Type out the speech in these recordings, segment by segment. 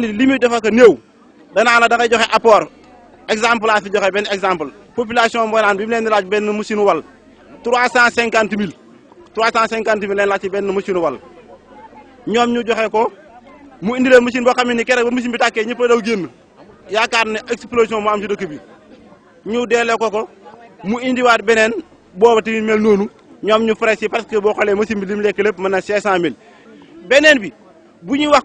mel ni li muy def ak néew danaa la da ngay joxe apport exemple a fi joxe benn exemple population mooy naan bi mu benn machine wal trois cent cinquante mille trois cent cinquante mille leen laaj ci benn machine wal ñoom ñu joxe ko mu indi leen machine boo xam ne ni keroog ba machine bi tàkkee ñëpp a daw génn yaakaar ne explosion moo am ci dëkk bi ñu deelee ko ko mu indiwaat beneen booba tamit me noonu ñoom ñu frais yi parce que boo xoolee machine bi li mu lekk lépp mën na cinq cent mille beneen bi bu ñuy wax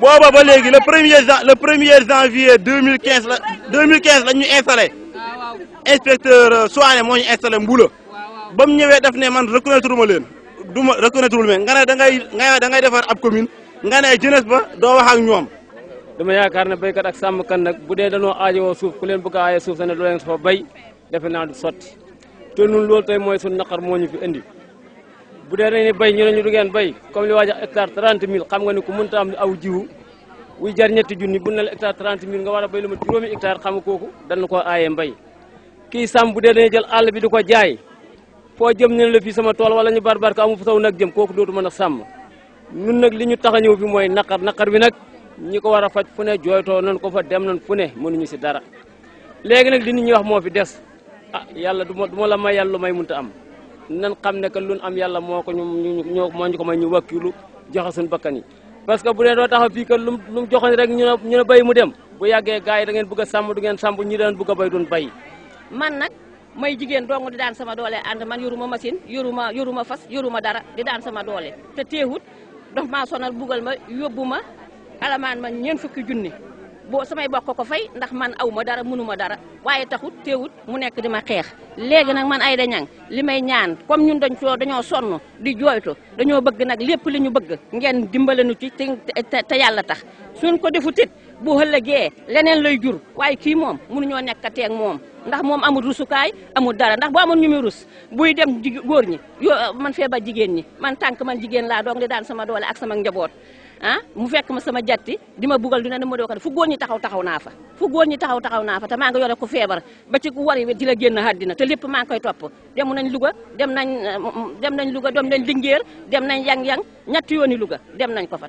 booba ba léegi le premier jan le premier janvier deux mille quinze la deux mille quinze la ñu installé inspecteur euh, Souané moo ñu installé Mbula ba mu ñëwee daf ne man reconnaître ma leen du ma reconnaître lu mel nga ne da ngay nga da ngay defar ab commune nga ne jeunesse ba doo wax ak ñoom. dama yaakaar ne béykat ak kan nag bu dee danoo aajowoo suuf ku leen bu a aajee suuf sax ne doo leen fa bay defe naa du sotti te ñun loolu tey mooy suñu naqar moo ñu fi indi. bu dee dañ bay ñu lañu dugen bay comme li waja hectare 30000 xam nga ni ku mënta am aw jiwu wuy jar ñetti jooni bu neul hectare 30000 nga wara bay lu ma juróomi hectare xam koku dal nako ayé bay ki sam bu jël all bi diko jaay fo jëm ne la fi sama tool wala ñu barbar ka amu fu saw nag jëm koku dootu mëna sam ñun nak li ñu taxañu a ñëw fi mooy naqar naqar bi nak ñiko wara fajj a faj fu ne jooytoo ko fa dem non fu ne ñu ci dara légui nak di nit ñi wax mo fi dess ah yalla duma duma la may yalla lu may munta am nan xam ne que lu am yàlla moo ko ñu ñu moo ñu ko ma ñu wakkilu joxe suñu bakkan yi. parce que bu dee doo tax fii que lu mu joxo mu rek ñu ne ñu mu dem bu yàggee gars yi ngeen bëgg a sàmm du ngeen sàmm ñu daan bëgg a béy duñ béy. man nag may jigéen dong di daan sama doole ànd man yoruma machine yoruma yoruma fas yoruma dara di daan sama doole te teewut daf maa sonal bugal ma yóbbu ma alamaan ma ñeent fukki junni. boo samay bokk ko fay ndax man aw dara mënu ma dara waaye taxut teewut mu nekk di ma xeex léegi nag man ay dañang li may ñaan comme ñun dañ coo dañoo sonn di jooytu dañoo bëgg nag lépp li ñu bëgg ngeen dimbale nu ci te yàlla tax suñ ko defu tit bu ëllëgee leneen lay jur waaye kii moom ñoo nekkatee ak moom ndax moom amul rusukaay amul dara ndax bu amoon ñu rus buy dem góor ñi man fee ba jigéen ñi man tànk man jigéen laa doog di daan sama doole ak sama njaboot ah mu fekk ma sama jatti di ma bugal dina ne ma doo ko fu goor ñi taxaw taxaw naa fa fu góor ñi taxaw taxaw naa fa te maa ngi yore ko feebar ba ci ku wari di la génn àddina te lépp maa ngi koy topp dem nañ luga dem nañ dem nañ Louga dem nañ Linguère dem nañ Yang-Yang ñetti yooni Louga dem nañ ko fa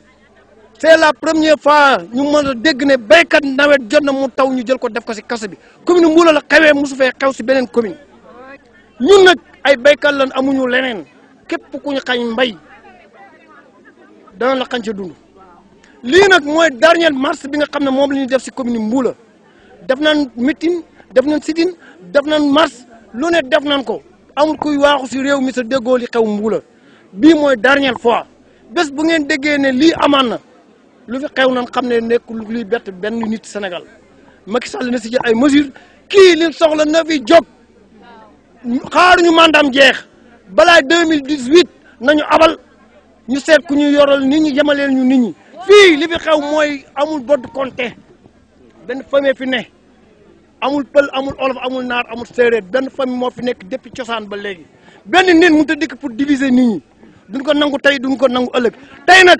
c'est la première fois ñu mëna dégg né baykat nawet jot na mu taw ñu jël ko def ko ci kasse bi commune mbuula la xewee musu fee xew si benen commune ñun nak ay béykat lan amuñu leneen képp ku ñu xañ mbay dana la xañ ca dund li nak moy dernier mars bi nga xamné mom lañu def si commune mbuula def nañ meeting def nañ sitin def nañ mars lu ne def nañ ko amul kuy waxu ci réew mi sa déggoo li xew mbuula bii dernière fois bes bu ngeen déggé né li amana lu fi xew nan xam ne nekk luy bett benn nit senegal Macky Sall na si jël ay mesures kii li soxla na fi jóg xaaruñu mandaam jeex balaa deux mille dix huit nañu abal ñu seet ku ñu yoral nit ñi yemaleen ñu nit ñi fii li fi xew mooy amul bodd konte benn famille fi ne amul pël amul olof amul naar amul séeréer benn famille moo fi nekk depuis cosaan ba léegi benn nit mënut a dikk pour diviser nit ñi ko nangu tey duñ ko nangu ëllëg tey nag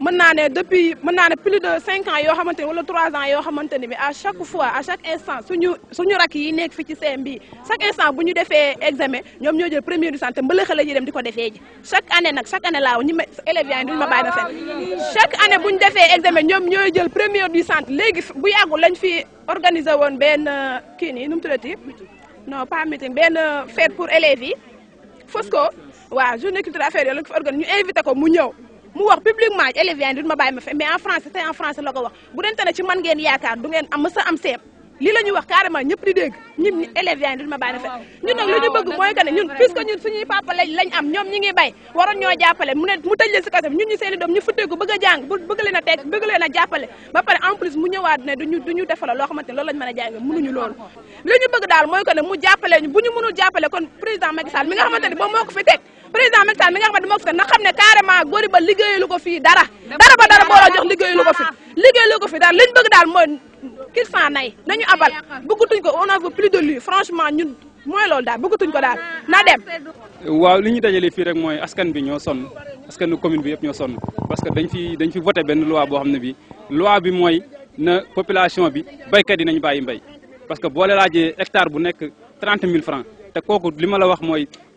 mën naa depuis mën naa plus de 5 ans yo xamanteni wala 3 ans yo xamanteni mais à chaque fois à chaque instant suñu suñu rak yi nekk fi ci CM bi chaque instant buñu défé examen ñom ñoo jël premier du santé mbeul xalé yi dem diko défé chaque année nak chaque année la ñi ma élèves yaa ngi ma bàyyi na fen chaque année buñu défé examen ñom ñooy jël premier du centre légui bu yagu lañ fi organiser woon ben kii nii nu mu non pas meeting ben fête pour élèves yi fos ko journée culturelle affaire yo la fi organiser ñu invité ko mu ñew mu wax publiquement élèves yaa ngi duñ ma bàyyi fe mais en français tey en français la ko wax bu dente ne ci man am mës a am seeb lii la ñuy wax carrément ñëpp ma fe ñun nag lu ñu bëgg mooy que am ne a jàng bëgg leen a teg bëgg a a jàng daal mooy que mu jàppale bu ñu mënul kon président Macky mi nga xamante ne ba moo président Macky Sall mi nga xamne dama ko na xamne carrément Gorée ba liggéeyalu ko fi dara dara ba dara bo la jox liggéeyalu ko fi liggéeyalu ko fi dara liñ bëgg dal moy qu'il s'en aille nañu abal bëggutuñ ko on a vu plus de lui franchement ñun moy loolu dal bëggutuñ ko dal na dem waaw liñu dajalé fi rek moy askan bi ñoo sonn askanu commune bi yëpp ñoo son parce que dañ fi dañ fi voter ben loi bo xamne bi loi bi moy na population bi béykat yi nañu mbay parce que boo la laajee hectare bu nekk 30000 francs te koku lima la wax moy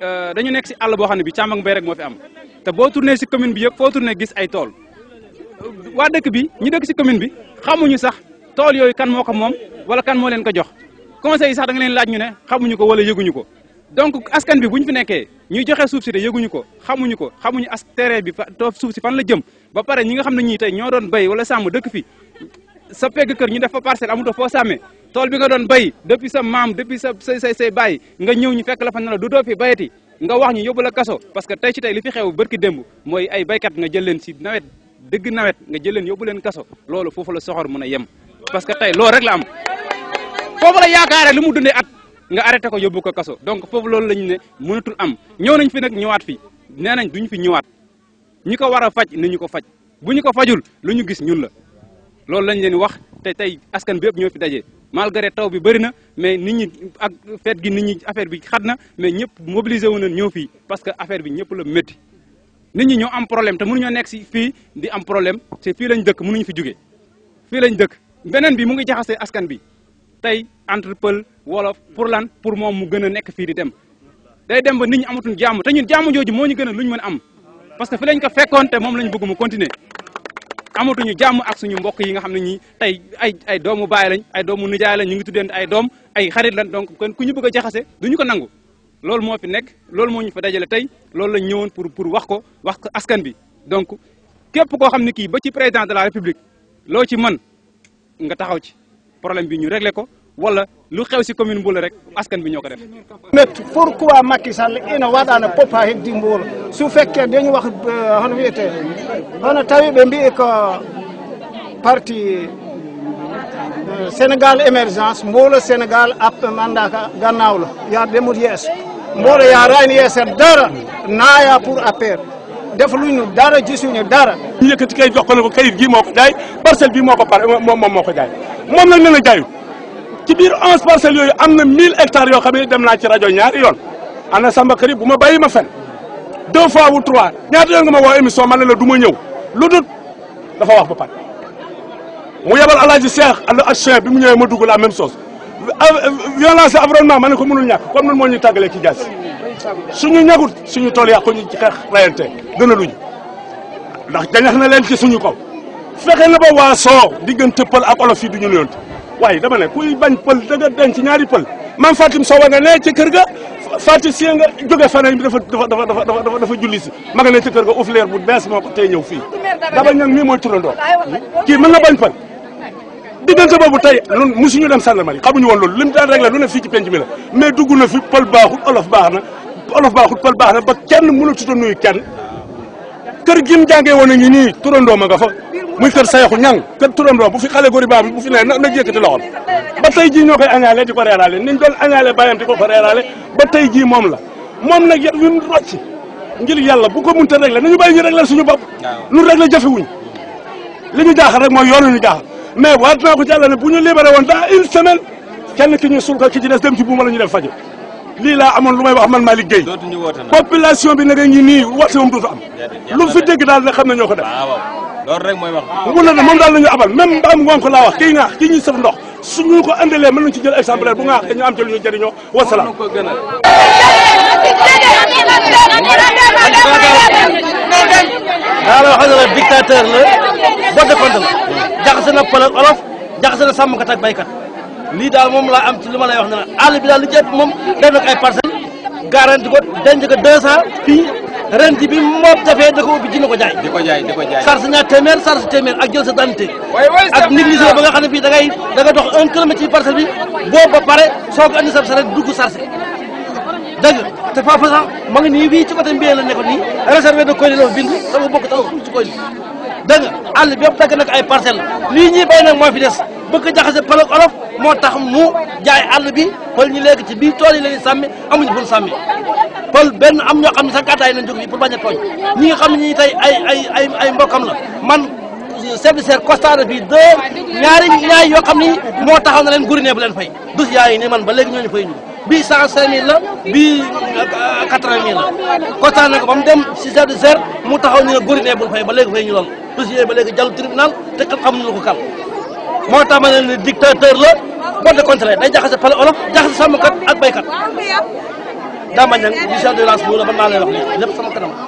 Euh, dañu nekk si àll boo xam ne bi càmm ak mbéy rek moo fi am te boo tourné si commune bi yëpp foo tourné gis ay tool waa dëkk bi ñu dëkk si commune bi xamuñu sax tool yooyu kan moo ko moom wala kan moo leen ko jox conseil sax danga nga leen laaj ñu ne xamuñu ko wala yëguñu ko donc askan bi bu ñu fi nekkee ñu joxe suuf si de yëguñu ko xamuñu ko xamuñu as terrain bi fa suuf si fan la jëm ba pare ñi nga xam ne ñii tey ñoo doon béy wala sàmm dëkk fi sa pegg keur ñu def fa amu do fo samé tol bi nga don bay depuis sa mam depuis sa say say say bàyyi nga ñew ñu fekk la fa ne du do fi bayati nga wax ñu yobula kasso kaso parce que tay ci tay li fi xew barki demb moy ay baykat nga jël len si nawet deug nawet nga jël len yobulen kasso kaso fofu la soxor mëna yem parce que tay lo rek la am fofu la yaakaare lu mu at nga arrêté ko yobuko kasso kaso donc fofu lolu lañu ne mënatul am ñew nañ fi nak ñëwaat fi nenañ duñ fi ñëwaat ñiko wara fajj ko fajj ko fajul luñu gis ñun la loolu lañ leen wax te tay askan bi yëpp ñoo fi dajé malgré taw bi bari na mais nit ñi ak feet gi nit ñi affaire bi xat mais ñëpp mobiliser wu na ñëw fii parce que affaire bi ñëpp la metti nit ñi ñoo am problème te ñoo nekk ci fi di am problème c'est fi lañ dëkk mënu ñu fi juggé fi lañ dëkk benen bi mu ngi jaxassé askan bi tay entre pël wolof pour lan pour mom mu gëna nekk fi di dem day dem ba nit ñi amatuñ jamm te ñun jamm joju moo ñu gën a lu am parce que fi lañ ko fekkon té mom lañ bëgg mu continuer amatuñu jàmm ak suñu mbokk yi nga xam ne ñi tey ay ay doomu baay lañ ay doomu nijaay lañ ñu ngi tuddeen ay doom ay xarit lan donc kon ku ñu bëgg a jaxase duñu ko nangu loolu moo fi nekk loolu moo ñu fa dajale tey loolu lañ ñëwoon pour pour wax ko wax ko askan bi donc képp koo xam ne kii ba ci président de la république loo ci man nga taxaw ci problème bi ñu réglé ko wala lu xew si commune Mbul rek askan bi ñoo ko def. mais pourquoi Macky Sall ina waɗano poppa heddi Mbul so fekke dañu wax euh, hono wiyete hono tawi ɓe mbi ko parti euh, sénégal émergence mbolo sénégal appe manda ka gannawlo ya ndemut yeeso mbolo yarani yeesere dara naaya pour affaire defaluñu dara gisuñu dara ñu yëkkati kayit jox ko kayit gi moo ko jaay moom moo ko jaay ci biir onze parcelles yooyu am na mille hectares yoo xam ne dem naa ci rajo ñaari yoon ana Samba Kari bu ma bàyyi ma fen deux fois wu trois ñaata yoon nga ma woo émission ma ne la duma ñëw lu dut dafa wax ba pare mu yebal alaaji Cheikh a Cheikh bi mu ñëwee ma a la même chose violence environnement ma ne ko mënul ñàkk comme noonu moo ñuy tàggalee ci jaas suñu ñagut suñu tool yàqu ñu ci xeex rayante gën a ndax jañax na leen ci suñu kaw fexe na ba waa soo diggante pël ak olof yi duñu waaye dama ne kuy bañ pel da nga denc ñaari pel man fatim sowa nga ne ci kër ga fatim si nga joge fanay bi dafa dafa dafa dafa dafa dafa julli ci ma nga ne ci kër ga ouf leer bu bes moko tay ñew fi fii daba ñang mi moy turando hmm? ki man nga bañ pël diggante bobu tay ñun musuñu dem sàndarmali xamuñu won lool lim daan rek la lu ne fi ci penj mi la mais dugg na fi pel baaxul olof baaxna olof baaxul pel baaxna ba kenn tuddu nuyu kenn kër gim jàngee woon a ngi nii ma nga fa muy kër Sayxu Ñang kër turandoo bu fi xale góor baam bu fi ne na jékkati loxoom ba tey jii ñoo koy añaale di ko reeraale niñ doon añaale bàyyam di ko reeraale ba tey jii moom la moom nag yet ñun rocc ngir yàlla bu ko mënta régler nañu bàyyi ñu régler suñu bopp lu régler jafewuñ li ñu jaaxal rek mooy yoon ñu jaaxal mais waat naa ko ci yàlla bu ñu libéré woon dans une semaine kenn ki ñu sulka ki ci des dem ci buuma la ñu dem fajo lii laa amoon lu man Malick Gueye population bi na ñoo ko def loolu rek mooy wax mu la moom daal la ñu abal même mbaam ngonk laa wax kii ŋaax kii ñuy sëf ndox suñu ko andalee mën nañu ci jël exemplaire bu ŋaax ñu am ci lu ñu jëriñoo wasalaam daa la wax ne dictateur la boo defante na pël ak olof jaxase na sàmmkat ak lii daal moom laa am ci li ma lay wax ne la àll bi daal li jëpp moom def na ko ay parcelle garanti ko denc ren ji bi moom café da ko ubbi ji na ko jaay di ko jaay di ko sa ñaar ak jël sa danté ak ba nga xam ne fii da dox un kilomètre ci parcelle bi boobu ba pare soo ko andi sa dugg sarse dëgg te Papa sax ma ngi nii fii ci côté Mbiye la nekkoon nii réservé de koy ne dafa bind sama bokk tax ci koy dëgg nga àll bi yëpp dagg na ay parcelles lii ñuy béy nag moo fi bëgg jaxase pël olof moo tax mu jaay àll bi pël ñi lekk ci bii tool yi la ñuy amuñ amuñu fu ñu pël benn am ñoo xam ne sax gàttaay nañ jóg fii pour bañ a tooñ ñi nga xam ne ñi tey ay ay ay la man chef de serre constat bi deux ñaari ñaay yoo xam ni moo taxaw na leen guri ne bu bii cent cinq la bii euh, quatre vingt mille la kontaan na ko ba mu dem si chef de serre mu taxaw ñu ne Gordinet bul fay ba léegi fay ñu lool dossier ba léegi jàll tribunal te kat xamuñu lu ko kal moo tax ma ne ni dictateur la bon de contraire day jaxase pale olof jaxase sàmmkat ak béykat daa ma ñang di chef de village bu la ba naa lay wax lépp sama kanam